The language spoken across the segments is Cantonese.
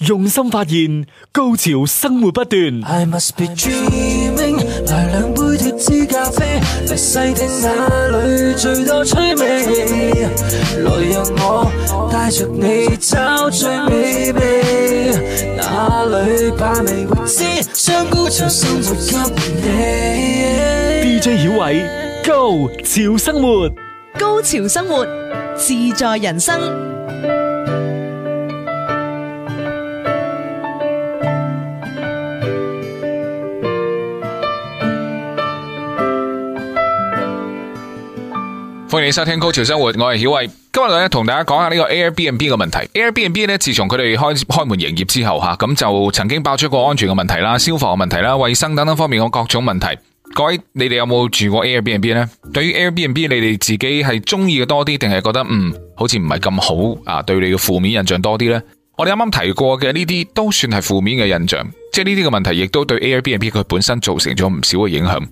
用心發現高潮生活不斷。I must be dreaming，來兩杯脫脂咖啡，細聽那裏最多趣味。來讓我帶着你找最美味，baby, 哪裏把知，將高潮生活給你。DJ 小偉，高潮生活，高潮生活自在人生。歡迎收聽高潮生活，我係小慧。今日咧，同大家講下呢個 Airbnb 嘅問題。Airbnb 咧，自從佢哋開開門營業之後吓，咁就曾經爆出過安全嘅問題啦、消防嘅問題啦、衛生等等方面嘅各種問題。各位，你哋有冇住過 Airbnb 呢？對於 Airbnb，你哋自己係中意嘅多啲，定係覺得嗯好似唔係咁好啊，對你嘅負面印象多啲呢？我哋啱啱提過嘅呢啲都算係負面嘅印象，即係呢啲嘅問題亦都對 Airbnb 佢本身造成咗唔少嘅影響。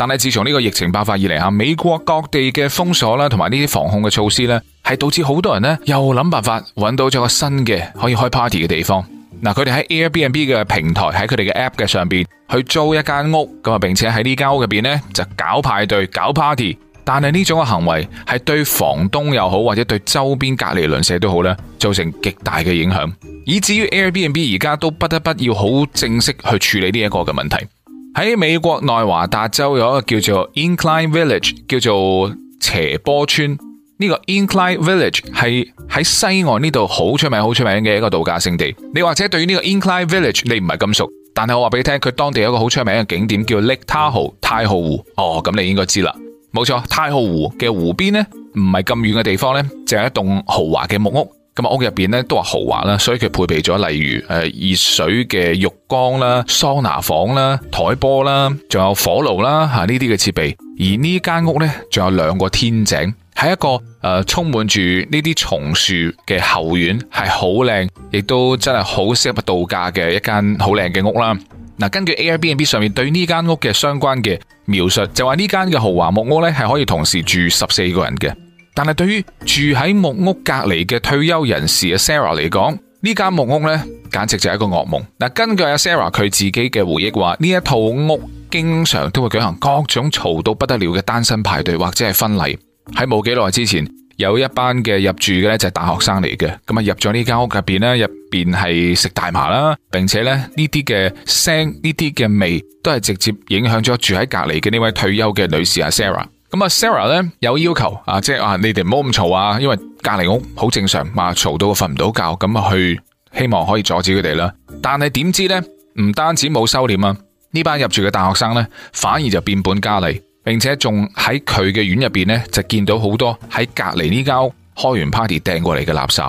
但係自從呢個疫情爆發以嚟啊，美國各地嘅封鎖啦，同埋呢啲防控嘅措施咧，係導致好多人咧又諗辦法揾到咗個新嘅可以開 party 嘅地方。嗱，佢哋喺 Airbnb 嘅平台喺佢哋嘅 app 嘅上邊去租一間屋，咁啊，並且喺呢間屋入邊咧就搞派對搞 party。但係呢種嘅行為係對房東又好，或者對周邊隔離鄰舍都好咧，造成極大嘅影響，以至於 Airbnb 而家都不得不要好正式去處理呢一個嘅問題。喺美國內華達州有一個叫做 Incline Village，叫做斜坡村。呢個 Incline Village 係喺西岸呢度好出名、好出名嘅一個度假勝地。你或者對於呢個 Incline Village 你唔係咁熟，但係我話俾你聽，佢當地有一個好出名嘅景點叫 Lake Tahoe，太浩湖。哦，咁你應該知啦，冇錯。太浩湖嘅湖邊咧，唔係咁遠嘅地方咧，就係一棟豪華嘅木屋。咁屋入邊咧都話豪華啦，所以佢配備咗例如誒熱水嘅浴缸啦、桑拿房啦、檯波啦，仲有火爐啦吓，呢啲嘅設備。而呢間屋咧，仲有兩個天井，係一個誒充滿住呢啲松樹嘅後院，係好靚，亦都真係好適合度假嘅一間好靚嘅屋啦。嗱，根據 Airbnb 上面對呢間屋嘅相關嘅描述，就話呢間嘅豪華木屋咧係可以同時住十四個人嘅。但係對於住喺木屋隔離嘅退休人士阿 Sarah 嚟講，呢間木屋呢，簡直就係一個噩夢。嗱，根據阿 Sarah 佢自己嘅回憶話，呢一套屋經常都會舉行各種嘈到不得了嘅單身派對或者係婚禮。喺冇幾耐之前，有一班嘅入住嘅呢就係大學生嚟嘅，咁啊入咗呢間屋入邊呢，入邊係食大麻啦，並且呢啲嘅聲、呢啲嘅味都係直接影響咗住喺隔離嘅呢位退休嘅女士阿 Sarah。咁啊，Sarah 咧有要求啊，即係啊，你哋唔好咁嘈啊，因為隔籬屋好正常，嘛、啊、嘈到瞓唔到覺，咁啊去希望可以阻止佢哋啦。但係點知呢？唔單止冇收斂啊，呢班入住嘅大學生呢，反而就變本加厲，並且仲喺佢嘅院入邊呢，就見到好多喺隔籬呢間屋開完 party 掟過嚟嘅垃圾。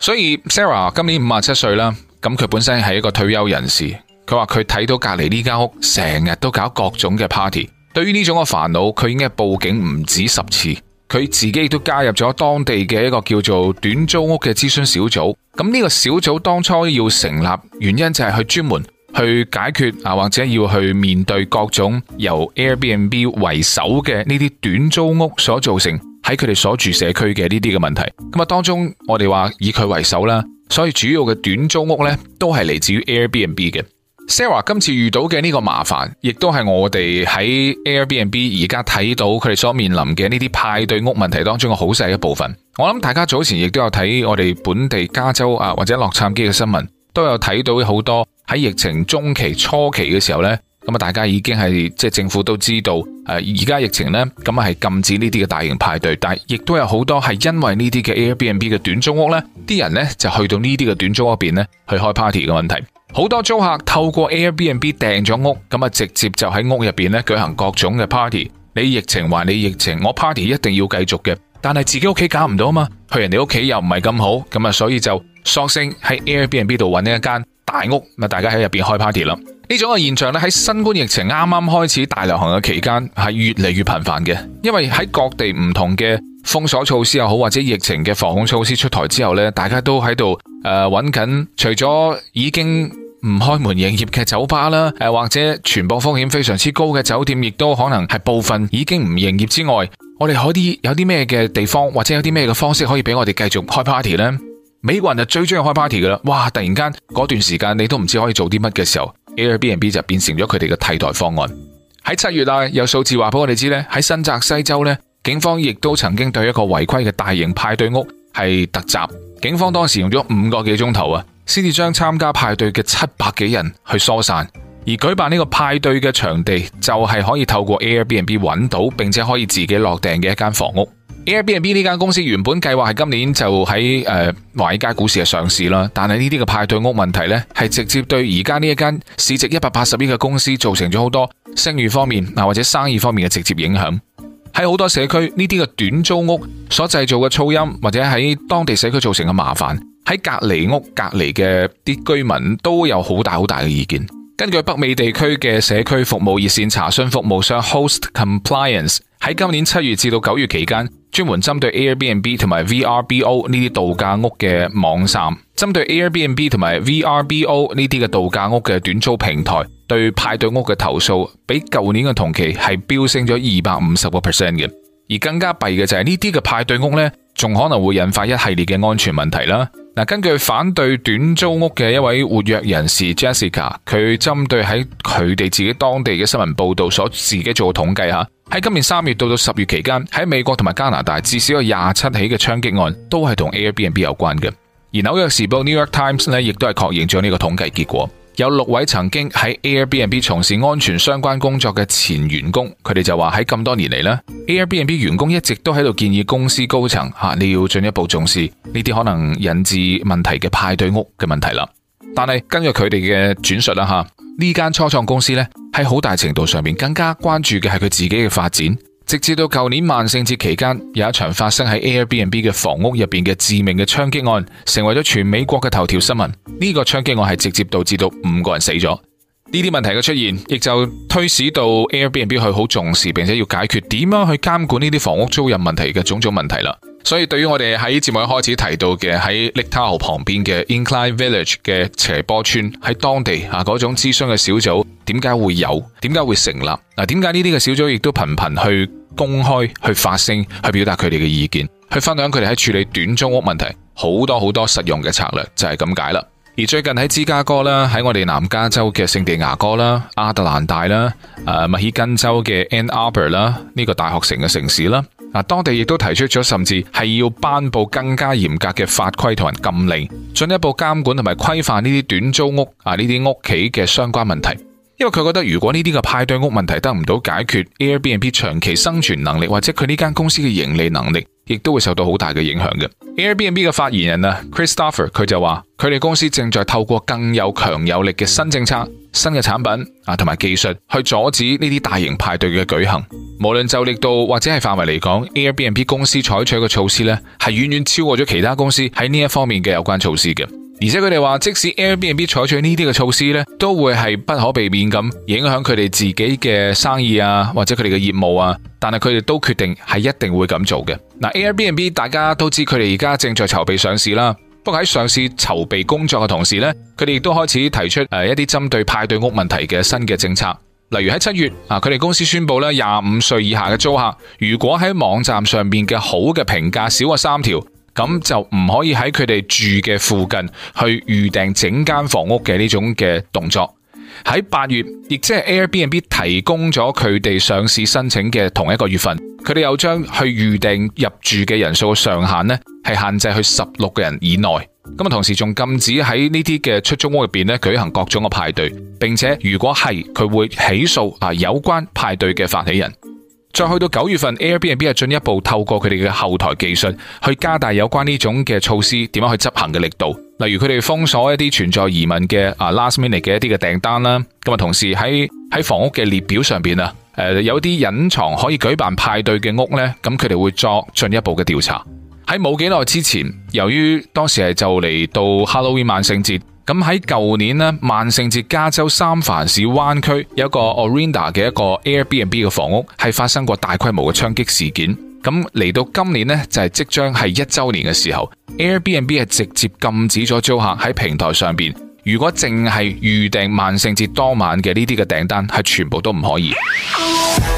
所以 Sarah 今年五十七歲啦，咁佢本身係一個退休人士，佢話佢睇到隔籬呢間屋成日都搞各種嘅 party。對於呢種嘅煩惱，佢應該係報警唔止十次，佢自己亦都加入咗當地嘅一個叫做短租屋嘅諮詢小組。咁呢個小組當初要成立原因就係去專門去解決啊，或者要去面對各種由 Airbnb 為首嘅呢啲短租屋所造成喺佢哋所住社區嘅呢啲嘅問題。咁啊，當中我哋話以佢為首啦，所以主要嘅短租屋呢都係嚟自於 Airbnb 嘅。Sarah 今次遇到嘅呢個麻煩，亦都係我哋喺 Airbnb 而家睇到佢哋所面臨嘅呢啲派對屋問題當中嘅好細一部分。我諗大家早前亦都有睇我哋本地加州啊或者洛杉磯嘅新聞，都有睇到好多喺疫情中期初期嘅時候呢。咁啊大家已經係即係政府都知道誒，而家疫情呢，咁啊係禁止呢啲嘅大型派對，但係亦都有好多係因為呢啲嘅 Airbnb 嘅短租屋呢。啲人呢，就去到呢啲嘅短租屋邊呢，去開 party 嘅問題。好多租客透過 Airbnb 訂咗屋，咁啊直接就喺屋入邊咧，舉行各種嘅 party。你疫情還你疫情，我 party 一定要繼續嘅。但係自己屋企搞唔到啊嘛，去人哋屋企又唔係咁好，咁啊所以就索性喺 Airbnb 度搵呢一間大屋，咁啊大家喺入邊開 party 啦。呢種嘅現象咧，喺新冠疫情啱啱開始大流行嘅期間係越嚟越頻繁嘅，因為喺各地唔同嘅封鎖措施又好，或者疫情嘅防控措施出台之後咧，大家都喺度誒搵緊，除咗已經。唔開門營業嘅酒吧啦，誒或者傳播風險非常之高嘅酒店，亦都可能係部分已經唔營業之外，我哋可以有啲咩嘅地方或者有啲咩嘅方式可以俾我哋繼續開 party 咧？美國人就最中意開 party 噶啦，哇！突然間嗰段時間你都唔知可以做啲乜嘅時候，Airbnb 就變成咗佢哋嘅替代方案。喺七月啊，有數字話俾我哋知咧，喺新澤西州咧，警方亦都曾經對一個違規嘅大型派對屋係突襲，警方當時用咗五個幾鐘頭啊。先至將參加派對嘅七百幾人去疏散，而舉辦呢個派對嘅場地就係可以透過 Airbnb 揾到，並且可以自己落訂嘅一間房屋。Airbnb 呢間公司原本計劃係今年就喺誒華爾街股市上市啦，但係呢啲嘅派對屋問題呢，係直接對而家呢一間市值一百八十億嘅公司造成咗好多聲譽方面啊或者生意方面嘅直接影響。喺好多社區呢啲嘅短租屋所製造嘅噪音，或者喺當地社區造成嘅麻煩。喺隔籬屋隔籬嘅啲居民都有好大好大嘅意見。根據北美地區嘅社區服務熱線查詢服務商 Host Compliance 喺今年七月至到九月期間，專門針對 Airbnb 同埋 VRBO 呢啲度假屋嘅網站，針對 Airbnb 同埋 VRBO 呢啲嘅度假屋嘅短租平台對派對屋嘅投訴，比舊年嘅同期係飆升咗二百五十個 percent 嘅。而更加弊嘅就係呢啲嘅派對屋呢，仲可能會引發一系列嘅安全問題啦。嗱，根據反對短租屋嘅一位活躍人士 Jessica，佢針對喺佢哋自己當地嘅新聞報道，所自己做嘅統計吓，喺今年三月到到十月期間，喺美國同埋加拿大至少有廿七起嘅槍擊案都係同 Airbnb 有關嘅。而紐約時報 New York Times 呢亦都係確認咗呢個統計結果。有六位曾經喺 Airbnb 從事安全相關工作嘅前員工，佢哋就話喺咁多年嚟咧，Airbnb 員工一直都喺度建議公司高層吓，你要進一步重視呢啲可能引致問題嘅派對屋嘅問題啦。但係根據佢哋嘅轉述啦，吓呢間初創公司咧喺好大程度上面更加關注嘅係佢自己嘅發展。直至到舊年萬聖節期間，有一場發生喺 Airbnb 嘅房屋入邊嘅致命嘅槍擊案，成為咗全美國嘅頭條新聞。呢、呢個槍擊案係直接導致到五個人死咗。呢啲問題嘅出現，亦就推使到 Airbnb 去好重視，並且要解決點樣去監管呢啲房屋租賃問題嘅種種問題啦。所以，對於我哋喺節目一開始提到嘅喺 Lake Tahoe 旁邊嘅 Incline Village 嘅斜坡村，喺當地啊嗰種諮詢嘅小組點解會有？點解會成立？嗱，點解呢啲嘅小組亦都頻頻去公開去發聲，去表達佢哋嘅意見，去分享佢哋喺處理短租屋問題好多好多實用嘅策略，就係咁解啦。而最近喺芝加哥啦，喺我哋南加州嘅聖地牙哥啦、亞特蘭大啦、誒密西根州嘅 Ann Arbor 啦呢個大學城嘅城市啦。當地亦都提出咗，甚至係要頒布更加嚴格嘅法規同人禁令，進一步監管同埋規範呢啲短租屋啊呢啲屋企嘅相關問題。因為佢覺得如果呢啲嘅派對屋問題得唔到解決，Airbnb 長期生存能力或者佢呢間公司嘅盈利能力，亦都會受到好大嘅影響嘅。Airbnb 嘅發言人啊，Christopher 佢就話，佢哋公司正在透過更有強有力嘅新政策，新嘅產品啊，同埋技術去阻止呢啲大型派對嘅舉行，無論就力度或者係範圍嚟講，Airbnb 公司採取嘅措施咧，係遠遠超過咗其他公司喺呢一方面嘅有關措施嘅。而且佢哋話，即使 Airbnb 採取呢啲嘅措施咧，都會係不可避免咁影響佢哋自己嘅生意啊，或者佢哋嘅業務啊。但係佢哋都決定係一定會咁做嘅。嗱，Airbnb 大家都知佢哋而家正在籌備上市啦。不過喺上市籌備工作嘅同時咧，佢哋亦都開始提出誒一啲針對派對屋問題嘅新嘅政策，例如喺七月啊，佢哋公司宣布咧，廿五歲以下嘅租客如果喺網站上面嘅好嘅評價少過三條，咁就唔可以喺佢哋住嘅附近去預訂整間房屋嘅呢種嘅動作。喺八月，亦即係 Airbnb 提供咗佢哋上市申請嘅同一個月份，佢哋又將去預訂入住嘅人數嘅上限呢係限制去十六個人以內。咁啊，同時仲禁止喺呢啲嘅出租屋入邊咧舉行各種嘅派對，並且如果係佢會起訴啊有關派對嘅發起人。再去到九月份，Airbnb 進一步透過佢哋嘅後台技術去加大有關呢種嘅措施點樣去執行嘅力度。例如佢哋封鎖一啲存在疑問嘅啊 last minute 嘅一啲嘅訂單啦，咁啊同時喺喺房屋嘅列表上邊啊，誒有啲隱藏可以舉辦派對嘅屋呢，咁佢哋會作進一步嘅調查。喺冇幾耐之前，由於當時係就嚟到 Halloween 萬聖節，咁喺舊年呢，萬聖節加州三藩市灣區有一個 Orinda 嘅一個 Airbnb 嘅房屋係發生過大規模嘅槍擊事件，咁嚟到今年呢，就係、是、即將係一周年嘅時候。Airbnb 係直接禁止咗租客喺平台上邊，如果淨係預訂萬聖節當晚嘅呢啲嘅訂單，係全部都唔可以。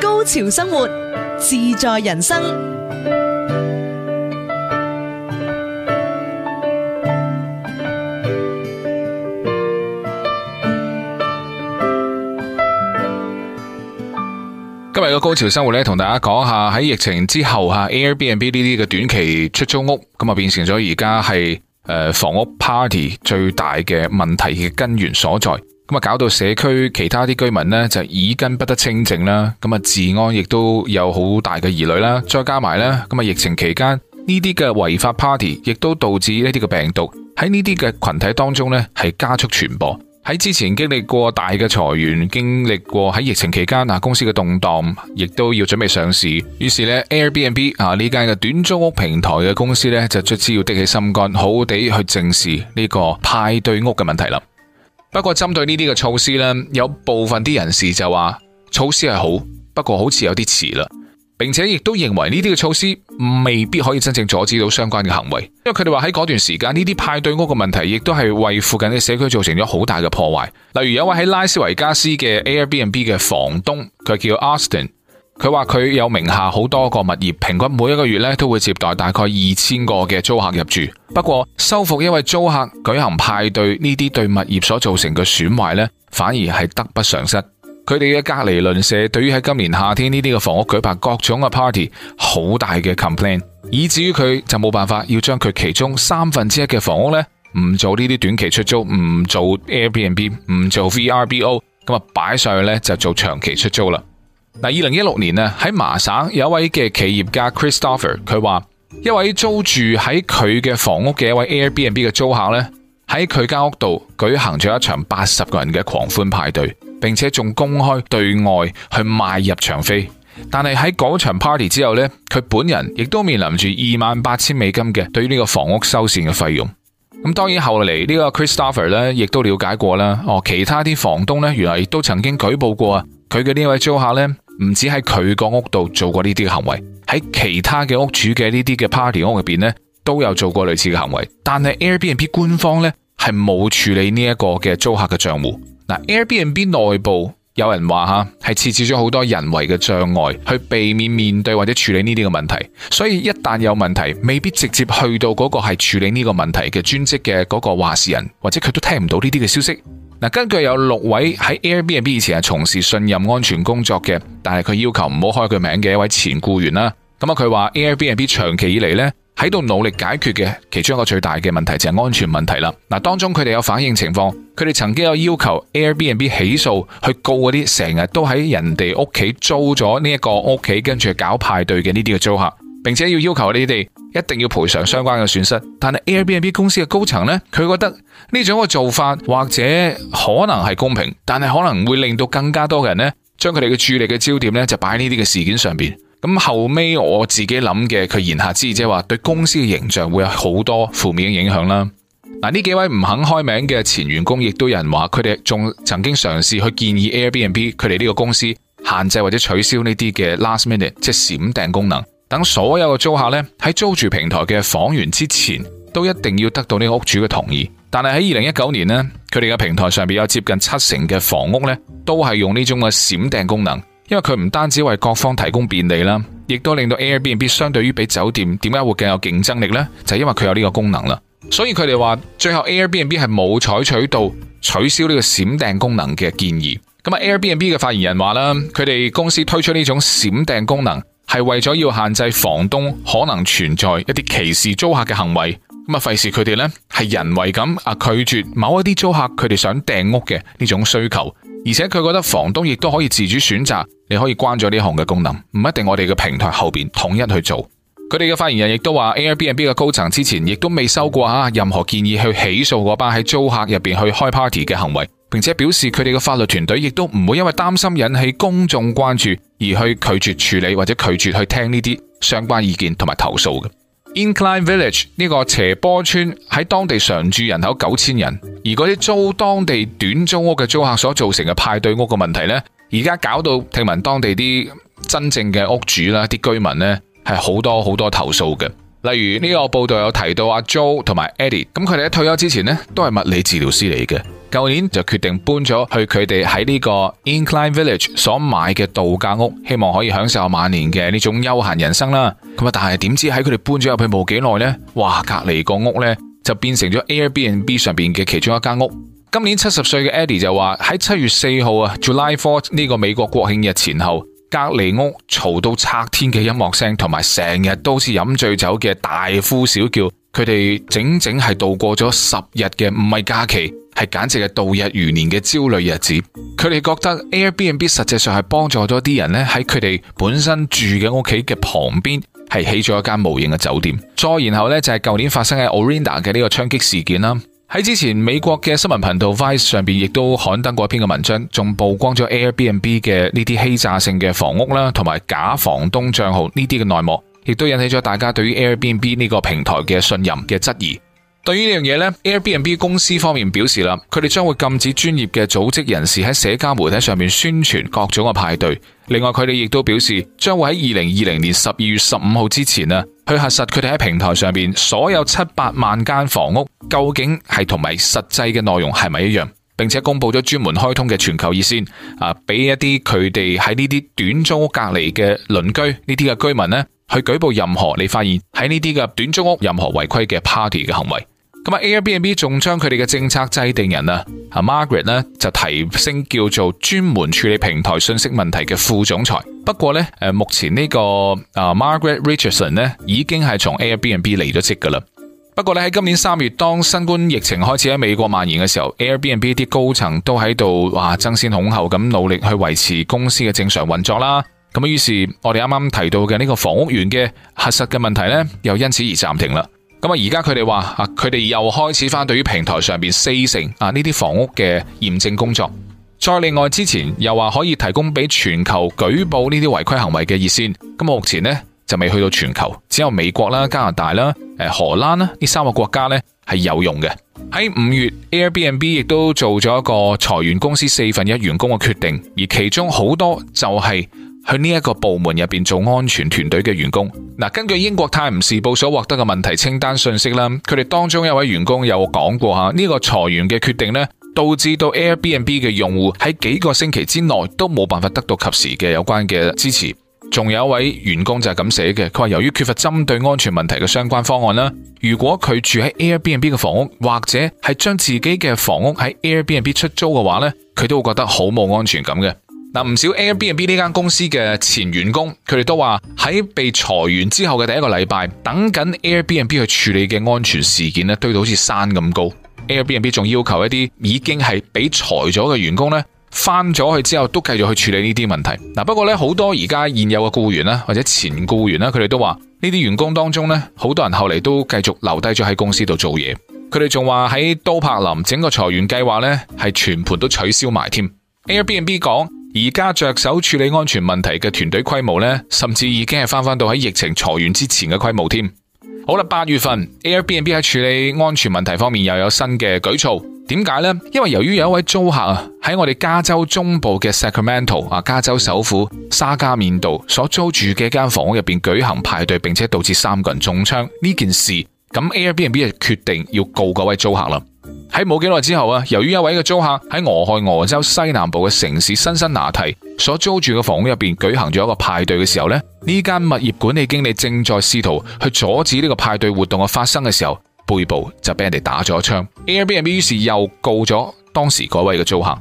高潮生活，自在人生。今日嘅高潮生活咧，同大家講下喺疫情之後吓，Airbnb 呢啲嘅短期出租屋，咁啊變成咗而家係誒房屋 party 最大嘅問題嘅根源所在。咁啊，搞到社區其他啲居民呢，就耳根不得清靜啦，咁啊治安亦都有好大嘅疑慮啦。再加埋咧，咁啊疫情期間呢啲嘅違法 party 亦都導致呢啲嘅病毒喺呢啲嘅群體當中呢，係加速傳播。喺之前經歷過大嘅裁員，經歷過喺疫情期間啊公司嘅動盪，亦都要準備上市。於是呢 Airbnb 啊呢間嘅短租屋平台嘅公司呢，就卒之要滴起心肝，好好地去正視呢個派對屋嘅問題啦。不過針對呢啲嘅措施咧，有部分啲人士就話措施係好，不過好似有啲遲啦，並且亦都認為呢啲嘅措施未必可以真正阻止到相關嘅行為，因為佢哋話喺嗰段時間呢啲派對屋嘅問題，亦都係為附近嘅社區造成咗好大嘅破壞。例如有位喺拉斯維加斯嘅 Airbnb 嘅房東，佢叫 Austin。佢話佢有名下好多個物業，平均每一個月咧都會接待大概二千個嘅租客入住。不過，修復一位租客舉行派對呢啲對物業所造成嘅損壞咧，反而係得不償失。佢哋嘅隔離鄰舍對於喺今年夏天呢啲嘅房屋舉辦各種嘅 party 好大嘅 complain，以至於佢就冇辦法要將佢其中三分之一嘅房屋咧唔做呢啲短期出租，唔做 Airbnb，唔做 VRBO，咁啊擺上去咧就做長期出租啦。嗱，二零一六年啊，喺麻省有一位嘅企業家 c h r i s t o f f e r，佢話一位租住喺佢嘅房屋嘅一位 Airbnb 嘅租客呢，喺佢間屋度舉行咗一場八十個人嘅狂歡派對，並且仲公開對外去賣入場費。但係喺嗰場 party 之後呢，佢本人亦都面臨住二萬八千美金嘅對於呢個房屋修繕嘅費用。咁當然後嚟呢個 c h r i s t o f f e r 呢，亦都了解過啦，哦，其他啲房東呢，原來亦都曾經舉報過啊，佢嘅呢位租客呢。唔止喺佢個屋度做過呢啲嘅行為，喺其他嘅屋主嘅呢啲嘅 party 屋入邊呢都有做過類似嘅行為，但係 Airbnb 官方呢係冇處理呢一個嘅租客嘅賬戶。嗱，Airbnb 內部有人話吓係設置咗好多人為嘅障礙去避免面對或者處理呢啲嘅問題，所以一旦有問題，未必直接去到嗰個係處理呢個問題嘅專職嘅嗰個話事人，或者佢都聽唔到呢啲嘅消息。根據有六位喺 Airbnb 以前係從事信任安全工作嘅，但係佢要求唔好開佢名嘅一位前僱員啦。咁啊，佢話 Airbnb 長期以嚟咧喺度努力解決嘅其中一個最大嘅問題就係安全問題啦。嗱，當中佢哋有反映情況，佢哋曾經有要求 Airbnb 起訴去告嗰啲成日都喺人哋屋企租咗呢一個屋企跟住搞派對嘅呢啲嘅租客，並且要要求你哋。一定要賠償相關嘅損失，但係 Airbnb 公司嘅高層呢，佢覺得呢種嘅做法或者可能係公平，但係可能會令到更加多嘅人呢，將佢哋嘅注意力嘅焦點呢就擺喺呢啲嘅事件上邊。咁後尾我自己諗嘅，佢言下之意即係話，對公司嘅形象會有好多負面嘅影響啦。嗱，呢幾位唔肯開名嘅前員工，亦都有人話，佢哋仲曾經嘗試去建議 Airbnb 佢哋呢個公司限制或者取消呢啲嘅 last minute 即係閃訂功能。等所有嘅租客咧，喺租住平台嘅房源之前，都一定要得到呢個屋主嘅同意。但係喺二零一九年呢，佢哋嘅平台上邊有接近七成嘅房屋咧，都係用呢種嘅閃訂功能。因為佢唔單止為各方提供便利啦，亦都令到 Airbnb 相對於比酒店點解會更有競爭力呢，就係因為佢有呢個功能啦。所以佢哋話最後 Airbnb 係冇採取到取消呢個閃訂功能嘅建議。咁啊，Airbnb 嘅發言人話啦，佢哋公司推出呢種閃訂功能。是為咗要限制房東可能存在一啲歧視租客嘅行為，咁啊費事佢哋呢，係人為咁啊拒絕某一啲租客佢哋想訂屋嘅呢種需求，而且佢覺得房東亦都可以自主選擇，你可以關咗呢項嘅功能，唔一定我哋嘅平台後面統一去做。佢哋嘅發言人亦都話 a i r b n b 嘅高層之前亦都未收過啊任何建議去起訴嗰班喺租客入面去開 party 嘅行為。並且表示佢哋嘅法律團隊亦都唔會因為擔心引起公眾關注而去拒絕處理或者拒絕去聽呢啲相關意見同埋投訴嘅。Incline Village 呢個斜坡村喺當地常住人口九千人，而嗰啲租當地短租屋嘅租客所造成嘅派對屋嘅問題呢，而家搞到聽聞當地啲真正嘅屋主啦、啲居民呢係好多好多投訴嘅。例如呢個報道有提到阿 Joe 同埋 Eddie，咁佢哋喺退休之前呢，都係物理治療師嚟嘅。舊年就決定搬咗去佢哋喺呢個 Incline Village 所買嘅度假屋，希望可以享受下晚年嘅呢種悠閒人生啦。咁啊，但係點知喺佢哋搬咗入去冇幾耐呢？哇，隔籬個屋呢，就變成咗 Airbnb 上邊嘅其中一間屋。今年七十歲嘅 Eddie 就話喺七月四號啊，July Fourth 呢個美國國慶日前後，隔籬屋嘈到拆天嘅音樂聲，同埋成日都似飲醉酒嘅大呼小叫，佢哋整整係度過咗十日嘅唔係假期，係簡直係度日如年嘅焦慮日子。佢哋覺得 Airbnb 實際上係幫助咗啲人咧喺佢哋本身住嘅屋企嘅旁邊係起咗一間無形嘅酒店。再然後咧就係舊年發生喺 Orinda 嘅呢個槍擊事件啦。喺之前，美國嘅新聞頻道 VICE 上面亦都刊登過一篇嘅文章，仲曝光咗 Airbnb 嘅呢啲欺詐性嘅房屋啦，同埋假房東帳號呢啲嘅內幕，亦都引起咗大家對於 Airbnb 呢個平台嘅信任嘅質疑。對於呢樣嘢呢，Airbnb 公司方面表示啦，佢哋將會禁止專業嘅組織人士喺社交媒體上面宣傳各種嘅派對。另外佢哋亦都表示，將會喺二零二零年十二月十五號之前啊，去核實佢哋喺平台上邊所有七八萬間房屋，究竟係同埋實際嘅內容係咪一樣。並且公佈咗專門開通嘅全球熱線，啊，俾一啲佢哋喺呢啲短租屋隔離嘅鄰居呢啲嘅居民呢，去舉報任何你發現喺呢啲嘅短租屋任何違規嘅 party 嘅行為。咁啊，Airbnb 仲將佢哋嘅政策制定人啊，Margaret 呢就提升叫做專門處理平台信息問題嘅副總裁。不過呢誒，目前呢個啊 Margaret Richardson 呢已經係從 Airbnb 離咗職噶啦。不過呢，喺今年三月當新冠疫情開始喺美國蔓延嘅時候，Airbnb 啲高層都喺度哇爭先恐後咁努力去維持公司嘅正常運作啦。咁於是我哋啱啱提到嘅呢個房屋員嘅核實嘅問題呢，又因此而暫停啦。咁啊，而家佢哋話啊，佢哋又開始翻對於平台上邊四成啊呢啲房屋嘅驗證工作。再另外之前又話可以提供俾全球舉報呢啲違規行為嘅熱線。咁目前呢，就未去到全球，只有美國啦、加拿大啦、誒荷蘭啦呢三個國家呢係有用嘅。喺五月 Airbnb 亦都做咗一個裁員公司四分一員工嘅決定，而其中好多就係、是。去呢一個部門入邊做安全團隊嘅員工，嗱，根據英國《泰晤士報》所獲得嘅問題清單信息啦，佢哋當中一位員工有講過吓，呢個裁員嘅決定呢，導致到 Airbnb 嘅用戶喺幾個星期之內都冇辦法得到及時嘅有關嘅支持。仲有一位員工就係咁寫嘅，佢話由於缺乏針對安全問題嘅相關方案啦，如果佢住喺 Airbnb 嘅房屋，或者係將自己嘅房屋喺 Airbnb 出租嘅話呢，佢都會覺得好冇安全感嘅。嗱，唔少 Airbnb 呢間公司嘅前員工，佢哋都話喺被裁員之後嘅第一個禮拜，等緊 Airbnb 去處理嘅安全事件呢堆到好似山咁高。Airbnb 仲要求一啲已經係被裁咗嘅員工呢翻咗去之後都繼續去處理呢啲問題。嗱，不過呢好多而家現有嘅僱員啦，或者前僱員啦，佢哋都話呢啲員工當中呢好多人後嚟都繼續留低咗喺公司度做嘢。佢哋仲話喺都柏林整個裁員計劃呢係全盤都取消埋添。Airbnb 講。而家着手處理安全問題嘅團隊規模呢，甚至已經係翻翻到喺疫情裁員之前嘅規模添。好啦，八月份 Airbnb 喺處理安全問題方面又有新嘅舉措。點解呢？因為由於有一位租客啊喺我哋加州中部嘅 Sacramento 啊加州首府沙加緬度所租住嘅一間房屋入邊舉行派對，並且導致三個人中槍呢件事。咁 Airbnb 就決定要告嗰位租客啦。喺冇幾耐之後啊，由於一位嘅租客喺俄亥俄州西南部嘅城市辛辛那提所租住嘅房屋入邊舉行咗一個派對嘅時候呢，呢間物業管理經理正在試圖去阻止呢個派對活動嘅發生嘅時候，背部就俾人哋打咗一槍。Airbnb 於是又告咗當時嗰位嘅租客。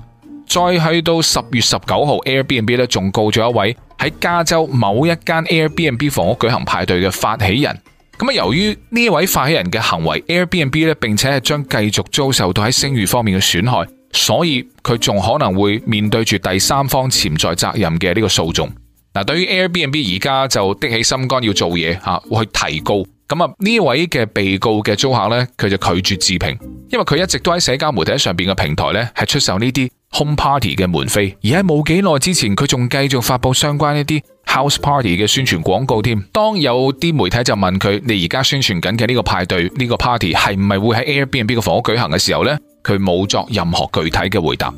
再去到十月十九號，Airbnb 咧仲告咗一位喺加州某一間 Airbnb 房屋舉行派對嘅發起人。咁啊，由於呢位發起人嘅行為，Airbnb 咧，並且係將繼續遭受到喺聲譽方面嘅損害，所以佢仲可能會面對住第三方潛在責任嘅呢個訴訟。嗱，對於 Airbnb 而家就的起心肝要做嘢吓，去提告。咁啊，呢位嘅被告嘅租客咧，佢就拒絕置評，因為佢一直都喺社交媒體上邊嘅平台咧係出售呢啲 home party 嘅門飛，而喺冇幾耐之前，佢仲繼續發佈相關一啲 house party 嘅宣傳廣告添。當有啲媒體就問佢：你而家宣傳緊嘅呢個派對，呢個 party 係唔係會喺 Airbnb 個房屋舉行嘅時候呢？」佢冇作任何具體嘅回答。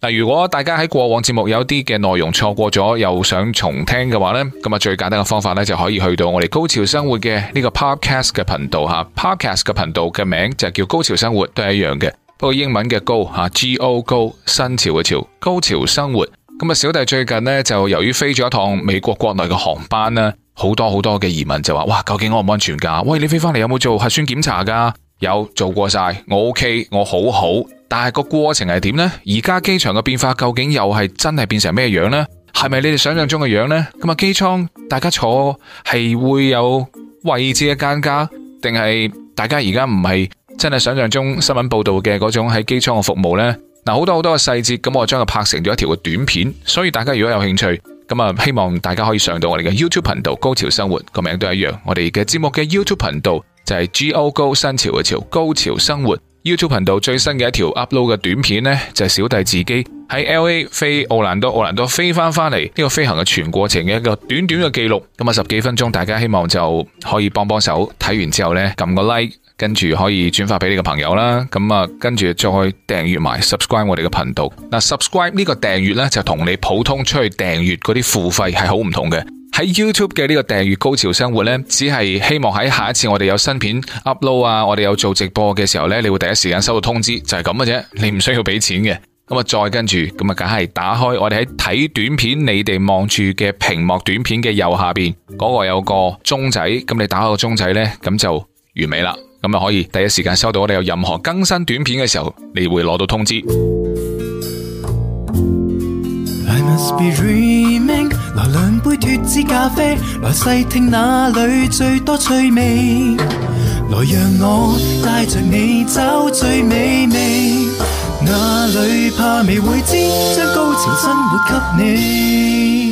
嗱，如果大家喺過往節目有啲嘅內容錯過咗，又想重聽嘅話呢，咁啊，最簡單嘅方法呢，就可以去到我哋高潮生活嘅呢個 podcast 嘅頻道吓，podcast 嘅頻道嘅名就叫高潮生活，都係一樣嘅。不括英文嘅高 GO 高新潮嘅潮高潮生活。咁啊，小弟最近呢，就由於飛咗一趟美國國內嘅航班啦，好多好多嘅疑問就話，哇，究竟安唔安全噶？喂，你飛翻嚟有冇做核酸檢查噶？有做過晒，我 OK，我好好。但係個過程係點呢？而家機場嘅變化究竟又係真係變成咩樣呢？係咪你哋想象中嘅樣呢？咁啊，機艙大家坐係會有位置嘅間隔，定係大家而家唔係？.真係想象中新聞報導嘅嗰種喺機艙嘅服務呢，嗱，好多好多嘅細節，咁我將佢拍成咗一條嘅短片。所以大家如果有興趣，咁啊希望大家可以上到我哋嘅 YouTube 頻道《高潮生活》，個名都一樣。我哋嘅節目嘅 YouTube 頻道就係 G O Go 新潮嘅潮，高潮生活 YouTube 頻道最新嘅一條 upload 嘅短片呢，就係小弟自己喺 L A 飛奧蘭多，奧蘭多飛翻翻嚟呢個飛行嘅全過程嘅一個短短嘅記錄。咁啊，十幾分鐘，大家希望就可以幫幫手，睇完之後呢，撳個 like。跟住可以轉發俾你嘅朋友啦，咁啊，跟住再訂閱埋 subscribe 我哋嘅頻道。嗱，subscribe 呢個訂閱呢，就同你普通出去訂閱嗰啲付費係好唔同嘅。喺 YouTube 嘅呢個訂閱高潮生活呢，只係希望喺下一次我哋有新片 upload 啊，我哋有做直播嘅時候呢，你會第一時間收到通知，就係咁嘅啫。你唔需要俾錢嘅。咁啊，再跟住咁啊，梗係打開我哋喺睇短片，你哋望住嘅屏幕短片嘅右下邊嗰個有個鐘仔，咁你打開個鐘仔呢，咁就完美啦。咁就可以第一時間收到我哋有任何更新短片嘅時候，你會攞到通知。I must be dreaming，來兩杯脫脂咖啡，來細聽哪裏最多趣味，來讓我帶着你找最美味，哪裏怕未會知將高潮生活給你。